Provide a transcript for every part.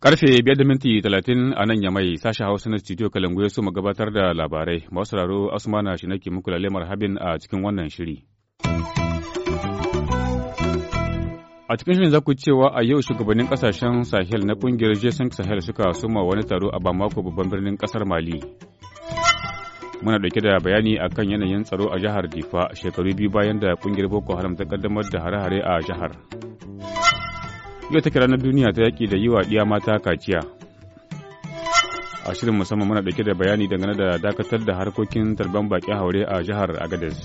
Karfe biyar da minti talatin a nan ya mai sashi Hausa na studio Kalangu ya so mu gabatar da labarai. Masu raro Asmana shi nake muku lalemar habin a cikin wannan shiri. A cikin shirin za ku cewa a yau shugabannin kasashen Sahel na kungiyar Jason Sahel suka suma wani taro a Bamako babban birnin kasar Mali. muna dauke da bayani akan yanayin tsaro a jihar difa shekaru biyu bayan da kungiyar boko haram ta kaddamar da hare-hare a jihar yau take ranar duniya ta yaki da yi wa ɗiya mata kaciya a shirin musamman muna dauke da bayani dangane da dakatar da harkokin tarban baƙin haure a jihar agadez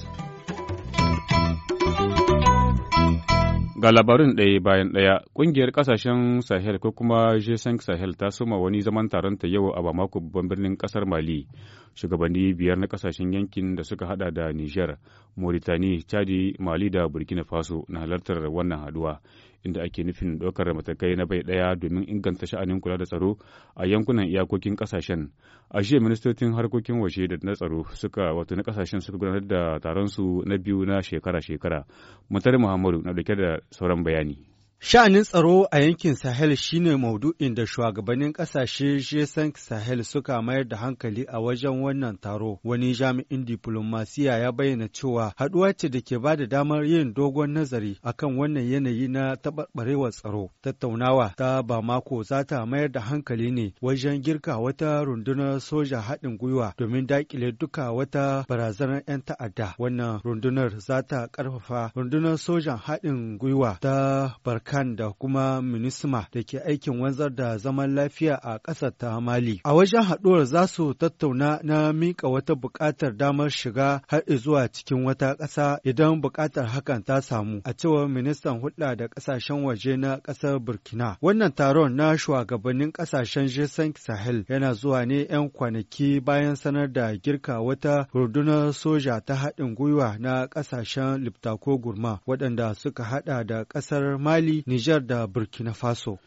Ga labarin ɗaya bayan ɗaya, ƙungiyar ƙasashen Sahel ko kuma G5 Sahel ta soma wani zaman taron ta yau a Bamako babban birnin ƙasar Mali. Shugabanni biyar na ƙasashen yankin da suka hada da niger Mauritani, Chadi, Mali da Burkina Faso na halartar wannan haduwa. inda ake nufin ɗaukar matakai na bai ɗaya domin inganta sha'anin kula da tsaro a yankunan iyakokin ƙasashen. A jiya ministocin harkokin waje da na tsaro suka wato na ƙasashen suka gudanar da taron su na biyu na shekara-shekara. Mutare Muhammadu na ɗauke da sauran bayani. Sha'anin tsaro a yankin Sahel shine maudu'in da shugabannin ƙasashe g San Sahel suka mayar da hankali a wajen wannan taro. Wani jami'in diplomasiya ya bayyana cewa haɗuwa ce da ke ba da damar yin dogon nazari akan wannan yanayi na taɓarɓarewar tsaro. Tattaunawa ta Bamako za ta mayar da hankali ne wajen girka wata rundunar soja haɗin gwiwa domin daƙile duka wata barazanar 'yan ta'adda. Wannan rundunar za ta ƙarfafa rundunar sojan haɗin gwiwa ta barka kan da kuma minisma da ke aikin wanzar da zaman lafiya a ƙasar ta mali a wajen haɗuwar za su tattauna na miƙa wata buƙatar damar shiga har zuwa cikin wata ƙasa idan buƙatar hakan ta samu a cewar ministan hulɗa da ƙasashen waje na ƙasar burkina wannan taron na shugabannin ƙasashen g sahel yana zuwa ne 'yan kwanaki bayan sanar da girka wata rundunar soja ta haɗin gwiwa na ƙasashen liptako gurma waɗanda suka haɗa da ƙasar mali Nijar da Burkina Faso.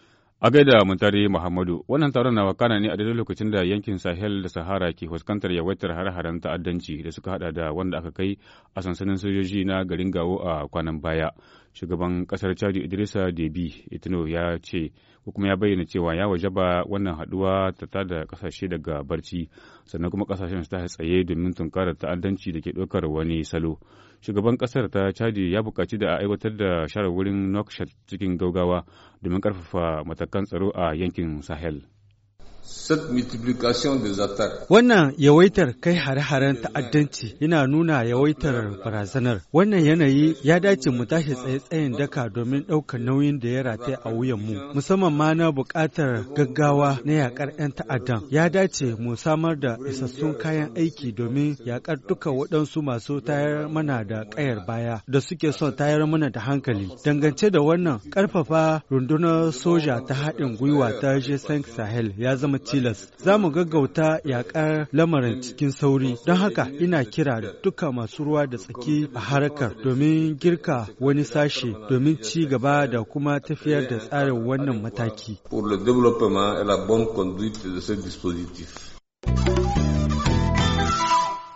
A gaida Muntari Muhammadu, wannan taron na wakana ne a daidai lokacin da yankin Sahel da Sahara ke fuskantar yawaitar har haren ta'addanci da suka hada da wanda aka kai a sansanin sojoji na garin Gawo a kwanan baya. Shugaban kasar Chadi Idrisa Debi Itino ya ce ko kuma ya bayyana cewa ya wajaba wannan haduwa ta tada kasashe daga barci sannan kuma kasashen su ta tsaye domin tunkara ta'addanci da ke ɗaukar wani salo shugaban kasar ta chadi ya buƙaci da a aiwatar da wurin nokshad cikin gaugawa domin ƙarfafa matakan tsaro a yankin sahel Wannan yawaitar kai hare-haren ta'addanci yana nuna yawaitar barazanar. Wannan yanayi ya dace mu tashi tsaye-tsayen daka domin ɗaukar nauyin da ya rataya a wuyanmu, musamman ma na buƙatar gaggawa na yaƙar 'yan ta'addan. Ya dace mu samar da isassun kayan aiki domin yaƙar duka waɗansu masu tayar mana da ƙayar baya da suke son tayar mana da hankali. Dangance da wannan, ƙarfafa rundunar soja ta haɗin gwiwa ta g Sahel ya zama zama tilas za mu gaggauta yakar lamarin cikin sauri don haka ina kira da duka masu ruwa da tsaki a harkar domin girka wani sashe domin ci gaba da kuma tafiyar da tsarin wannan mataki.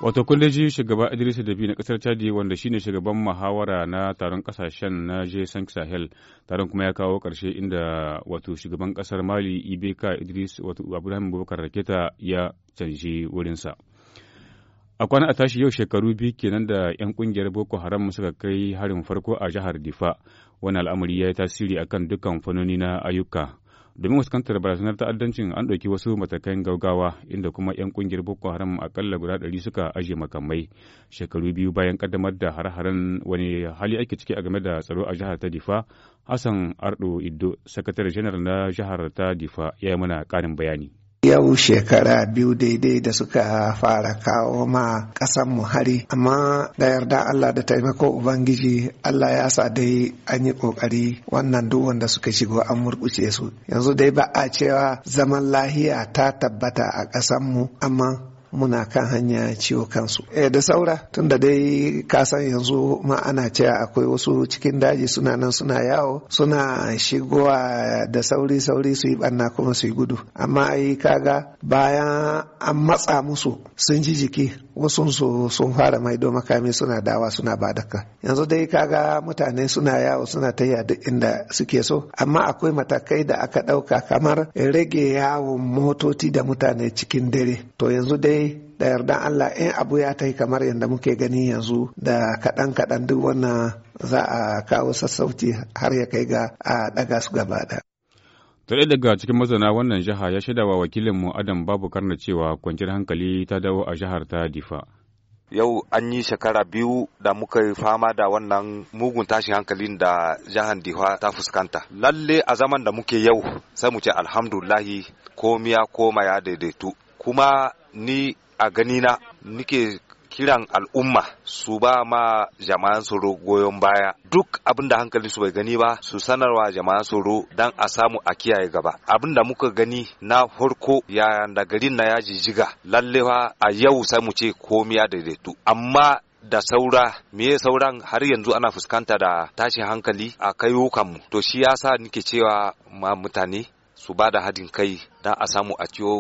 Wato kulleji shugaba Idris Dabi na kasar Chadi wanda shine shugaban muhawara na taron kasashen na je Sahel taron kuma ya kawo karshe inda wato shugaban kasar Mali Ibeka Idris wato Ibrahim Bubakar Raketa ya canji wurinsa. A kwana a tashi yau shekaru biyu kenan da 'yan kungiyar Boko Haram suka kai harin farko a jihar Difa. Wani al'amari ya yi tasiri akan dukkan fannoni na ayyuka. domin fuskantar barazanar ta'addancin an ɗauki wasu matakan gaugawa inda kuma 'yan ƙungiyar boko haram akalla guda ɗari suka ajiye makamai shekaru biyu bayan kaddamar da har-haren wani hali ake ciki a game da tsaro a jihar ta difa hassan ardo iddo sakatare janar na jihar ta difa ya yi mana ƙarin bayani yau shekara biyu daidai da suka fara kawo ma ƙasan mu hari amma da yarda Allah da taimako ubangiji Allah ya sa dai an yi ƙoƙari wannan duk wanda suka shigo an murkuce su yanzu dai ba a cewa zaman lahiya ta tabbata a ƙasan mu amma muna kan hanya ciwo kansu e da saura tunda dai kasan yanzu ma ana cewa akwai wasu cikin daji suna nan suna yawo suna shigowa da sauri sauri su yi banna kuma su yi gudu amma ai kaga bayan an matsa musu sun ji jiki wasu sun fara maido makami suna dawa suna ba ka. yanzu dai kaga mutane suna yawo suna ta duk inda suke so amma akwai matakai da aka ɗauka kamar rage yawon motoci da mutane cikin dare to yanzu dai da yardan Allah in abu ya tai kamar yadda muke gani yanzu da kaɗan kaɗan duk wannan za a kawo sassauci har ya kai ga a ɗaga su gaba Tare daga cikin mazana wannan jiha ya wa wakilinmu Adam Babu Karna cewa kwanciyar hankali ta dawo a jihar ta Difa. yau an yi shekara biyu da muka yi fama da wannan mugun tashin hankalin da jihar difa ta fuskanta. Lalle a zaman da muke yau sai mu ce alhamdulahi komiya koma ya daidaitu. Kuma ni a ganina nike kiran al'umma su ba ma jama'an tsoro goyon baya duk abin da hankali su bai gani ba su sanarwa jama'an tsoro don a samu a kiyaye gaba abin da muka gani na farko yayan da garin na yaji jiga lallewa a yau sai mu ce komi ya daidaitu amma da saura me sauran har yanzu ana fuskanta da tashin hankali a kayukanmu to shi yasa nike cewa ma mutane su ba da hadin kai don a samu a ciwo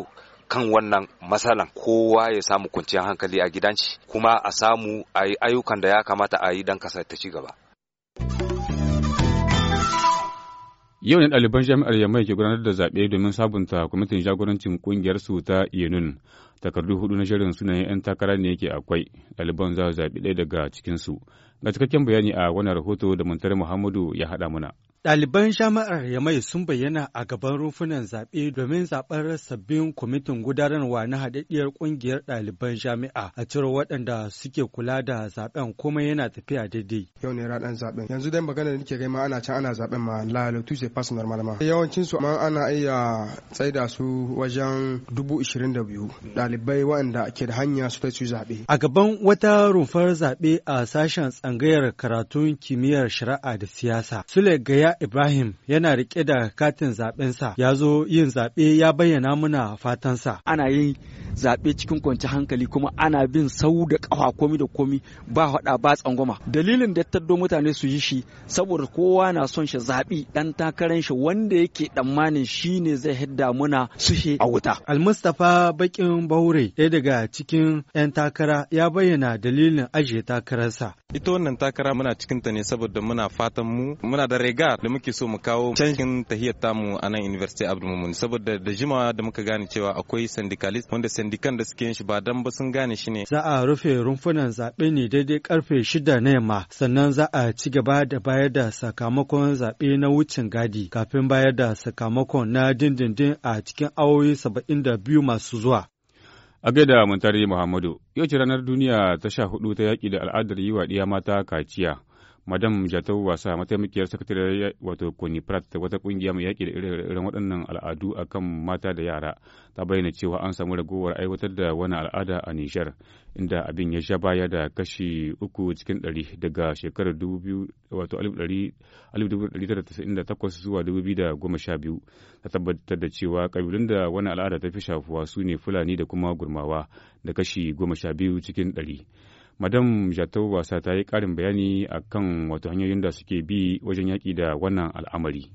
kan wannan matsalan kowa ya samu kwanciyar hankali a gidanci kuma a samu a yi ayyukan da ya kamata a yi don kasa ta ci gaba. Yau ne ɗaliban jami'ar Yamai ke gudanar da zaɓe domin sabunta kwamitin jagorancin ƙungiyar su ta Yenun. Takardu hudu na shirin sunayen 'yan takara ne yake akwai. Ɗaliban za su zaɓi ɗaya daga cikinsu. Ga cikakken bayani a wannan rahoto da Muntare Muhammadu ya haɗa mana. Ɗaliban jami'ar Yamai sun bayyana a gaban rumfunan zaɓe domin zaɓar sabbin kwamitin gudanarwa na haɗaɗɗiyar ƙungiyar ɗaliban jami'a a cire waɗanda suke kula da zaɓen kuma yana tafiya daidai. Yau ne ranar zaɓen. Yanzu dai magana da nake kai ma ana can ana zaɓen ma lalo tu tout se passe Yawancin su ma ana iya tsaida su wajen dubu ishirin da biyu ɗalibai waɗanda ke da hanya su ta su zaɓe. A gaban wata rumfar zaɓe a sashen tsangayar karatun kimiyyar shari'a da siyasa. Sule Gaya Ibrahim yana riƙe da katin zaɓensa ya zo yin zaɓe ya bayyana muna fatansa. Ana yin zaɓe cikin kwanci hankali kuma ana bin sau da ƙafa komi da komi ba haɗa ba tsangwama dalilin da taddo mutane su yi shi saboda kowa na son shi zaɓi ɗan takarar shi wanda yake tsammanin shi ne zai hidda muna suhe a wuta. Almustapha Bakin Baure ɗaya daga cikin 'yan takara ya bayyana dalilin ajiye takararsa. Ita wannan takara muna cikin ta ne saboda muna fatan mu muna da rega da muke so mu kawo canjin tahiyar tamu a nan University Abdul Mumin saboda da jimawa da muka gane cewa akwai syndicalist wanda sindikan da suke yin shi ba dan ba sun gane shi ne. Za a rufe rumfunan zaɓe ne daidai karfe shida na yamma sannan za a ci gaba da bayar da sakamakon zaɓe na wucin gadi kafin bayar da sakamakon na dindindin a cikin awowi saba'in da biyu masu zuwa. A gaida Muntari Muhammadu, yau ce ranar duniya ta sha hudu ta yaƙi da al'adar yi wa mata kaciya. madam jatau wasa mataimakiyar sakatariyar wato koniprat wata kungiya mai yaƙi da irin waɗannan al'adu a kan mata da yara ta bayyana cewa an samu ragowar aiwatar da wani al'ada a nijar inda abin ya sha baya da kashi uku cikin ɗari daga shekarar takwas zuwa biyu ta tabbatar da cewa kabilun da wani al'ada ta fi shafuwa su ne fulani da kuma gurmawa da kashi goma sha biyu cikin ɗari. madam jatau wasa ta yi ƙarin bayani akan wato hanyoyin da suke bi wajen yaƙi da wannan al'amari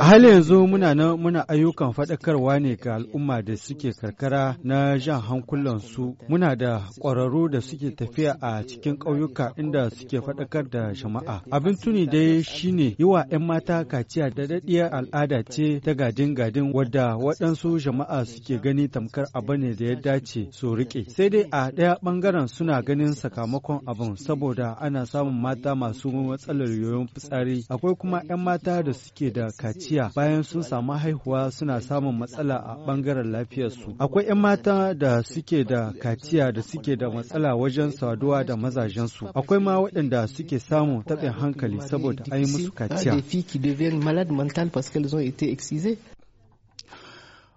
hal yanzu muna nan muna ayyukan faɗakarwa ne ga al'umma da suke karkara na jan hankulansu muna da ƙwararru da suke tafiya a cikin ƙauyuka inda suke faɗakar da jama'a abin tuni dai shine yi wa 'yan mata kaciya da daɗiyar al'ada ce ta gadin gadin wadda waɗansu jama'a suke gani tamkar abu ne da ya dace su riƙe sai dai a ɗaya ɓangaren suna ganin sakamakon abin saboda ana samun mata masu matsalar yoyon fitsari akwai kuma 'yan mata mata da suke da kaciya bayan sun samu haihuwa suna samun matsala a ɓangaren lafiyarsu. Akwai 'yan mata da suke da kaciya da suke da matsala wajen saduwa da mazajensu. Akwai ma waɗanda suke samun taɓin hankali saboda an yi musu kaciya.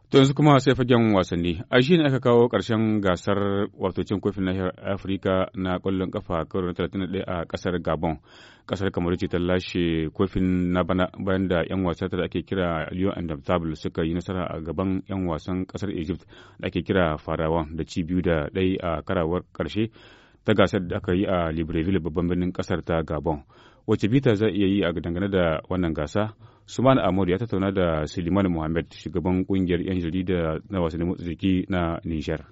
To yanzu kuma sai fagen wasanni. A shi ne aka kawo karshen gasar wato cin kofin nahiyar Afirka na ƙwallon ƙafa karo na 31 a ƙasar Gabon. Ƙasar Kamaru ce ta lashe kofin na bana bayan da 'yan wasa da ake kira Lyon and suka yi nasara a gaban 'yan wasan ƙasar Egypt da ake kira farawa da ci biyu da ɗai a karawar ƙarshe. ta gasar da aka yi a Libreville babban birnin kasar ta Gabon. Wace bita zai iya yi a dangane da wannan gasa? Suman amur ya tattauna da Suleiman Mohammed shugaban kungiyar 'yan jarida na wasannin motsa jiki na Nijar.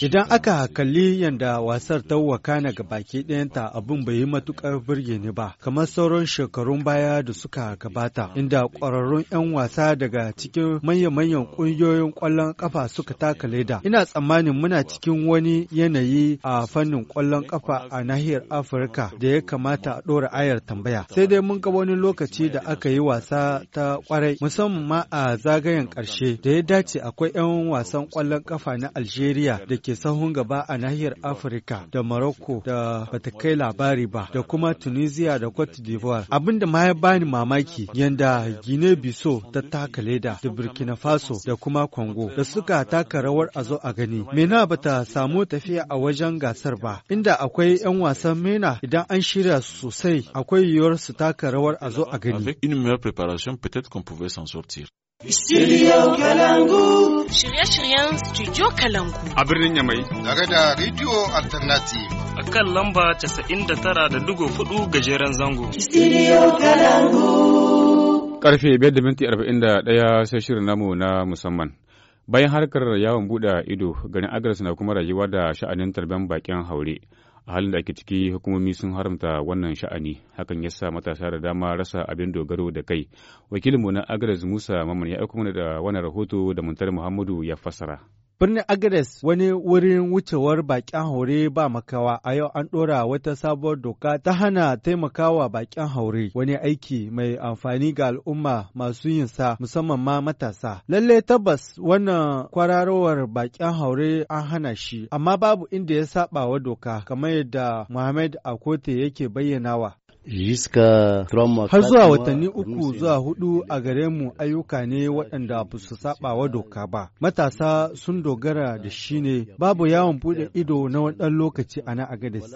Idan aka kalli yadda wasar ta wakana ga baki ɗayanta abin bai yi matuƙar birge ni ba, kamar sauran shekarun baya da suka gabata, inda ƙwararrun 'yan wasa daga cikin manya-manyan ƙungiyoyin ƙwallon ƙafa suka taka leda. Ina tsammanin muna cikin wani yanayi a fannin ƙwallon ƙafa a nahiyar Afirka da ya kamata a ɗora ayar tambaya. Sai dai mun ga wani lokaci da aka yi wasa ta ƙwarai, musamman ma a zagayen ƙarshe da ya dace akwai 'yan wasan ƙwallon ƙafa na Algeria. Algeria da ke sahun gaba a nahiyar Afirka da Morocco da bata kai labari ba da kuma Tunisia da Cote d'Ivoire. Abin da ma ya bani mamaki yanda Guinea-Bissau ta taka leda da Burkina Faso da kuma Congo da suka taka rawar a zo a gani. Mena bata samu tafiya a wajen gasar ba, inda akwai 'yan wasan Mena idan an shirya sosai akwai yiwuwar su taka rawar a zo a gani. Avec une meilleure préparation, peut Studio Kalangu. Shirye-shiryen Studio Kalangu. A birnin Yamai. Tare da Radio Alternative. A kan lamba 99.4 gajeren zango. Studio Kalangu. Karfe 5.41 sai shirin namu na musamman. Bayan harkar yawon buɗe ido, garin Agnes na kuma rayuwa da sha'anin tarben bakin haure. a halin da ake ciki hukumomi sun haramta wannan sha'ani hakan ya sa matasa da dama rasa abin dogaro da kai wakilinmu na agres musa maman ya aiko mana da wannan rahoto da muntar muhammadu ya fassara Birnin agres wani wurin wucewar bakin haure ba makawa a yau an ɗora wata sabuwar doka ta hana taimakawa bakin haure wani aiki mai amfani ga al'umma masu yin sa musamman ma matasa. Lalle tabbas wannan kwararowar bakin haure an hana shi amma babu inda ya saba wa doka kamar yadda Muhammad Akote yake bayyanawa. Har zuwa watanni uku zuwa hudu a gare mu ayyuka ne waɗanda ba su saba wa doka ba. Matasa sun dogara da shi ne babu yawon buɗe ido na wadan lokaci a na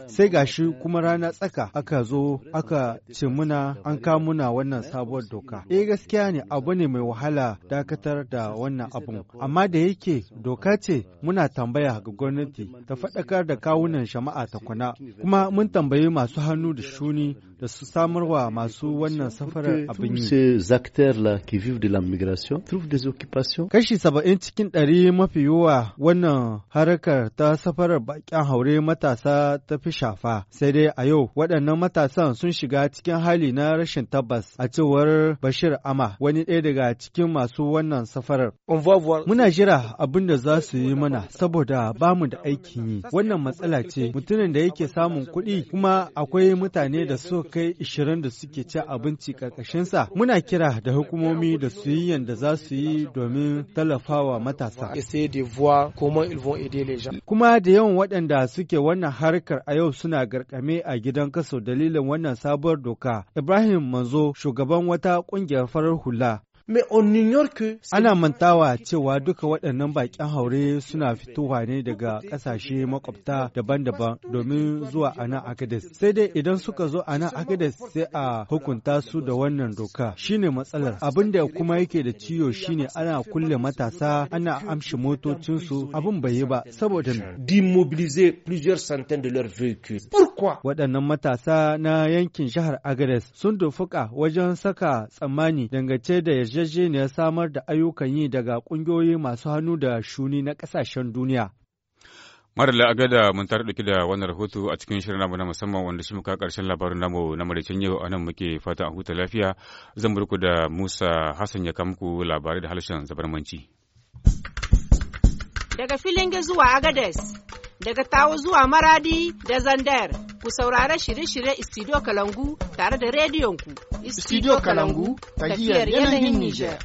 Sai gashi kuma rana tsaka aka zo aka ce muna an kamuna wannan sabuwar doka. Eh gaskiya ne abu ne mai wahala dakatar da wannan abun. Amma da yake doka ce muna tambaya ga gwamnati ta faɗakar da kawunan jama'a ta Kuma mun tambayi masu hannu da shuni da su samarwa masu wannan safarar abin yi. Kashi saba'in cikin ɗari mafi yawa wannan harkar ta safarar baƙin haure matasa ta fi shafa. Sai dai a yau waɗannan matasan sun shiga cikin hali na rashin tabbas a cewar Bashir Ama wani ɗaya daga cikin masu wannan safarar. Muna jira abin da za su yi mana saboda ba mu da aikin yi. Wannan matsala ce mutumin da yake samun kuɗi kuma akwai mutane da su kai ishirin da suke ci abinci ƙarƙashinsa muna kira da hukumomi da su yi yadda za su yi domin tallafawa matasa. Kuma da yawan waɗanda suke wannan harkar a yau suna garkame a gidan kaso dalilin wannan sabuwar doka. Ibrahim Manzo shugaban wata ƙungiyar farar hula Ana mantawa cewa duka waɗannan baƙin haure suna fitowa ne daga ƙasashe makwabta daban-daban domin zuwa a nan Agades. Sai dai idan suka zo a nan Agades sai a hukunta su da wannan doka shine matsalar. Abin da kuma yake da ciyo shine ana kulle matasa ana amshi motocinsu abin bai yi ba saboda Demobiliser plusieurs centaines de leurs Waɗannan matasa na yankin jihar Agades sun dofuka wajen saka tsammani dangance da yarjejeniyar samar da ayyukan yi daga ƙungiyoyi masu hannu da shuni na kasashen duniya. mara Agada mun tare ɗauki da wannan rahoto a cikin shirin namu na musamman wanda shi muka karshen labarin namu na maraicin yau a nan muke fatan a huta lafiya zan burku da Musa Hassan ya kamku labarai da harshen zabarmanci. Daga filin zuwa Agades, daga Tawo zuwa Maradi da Zandar. ku saurara shirye-shirye Studio Kalangu tare da rediyonku. ku. Studio Kalangu tafiyar yanayin Nijar.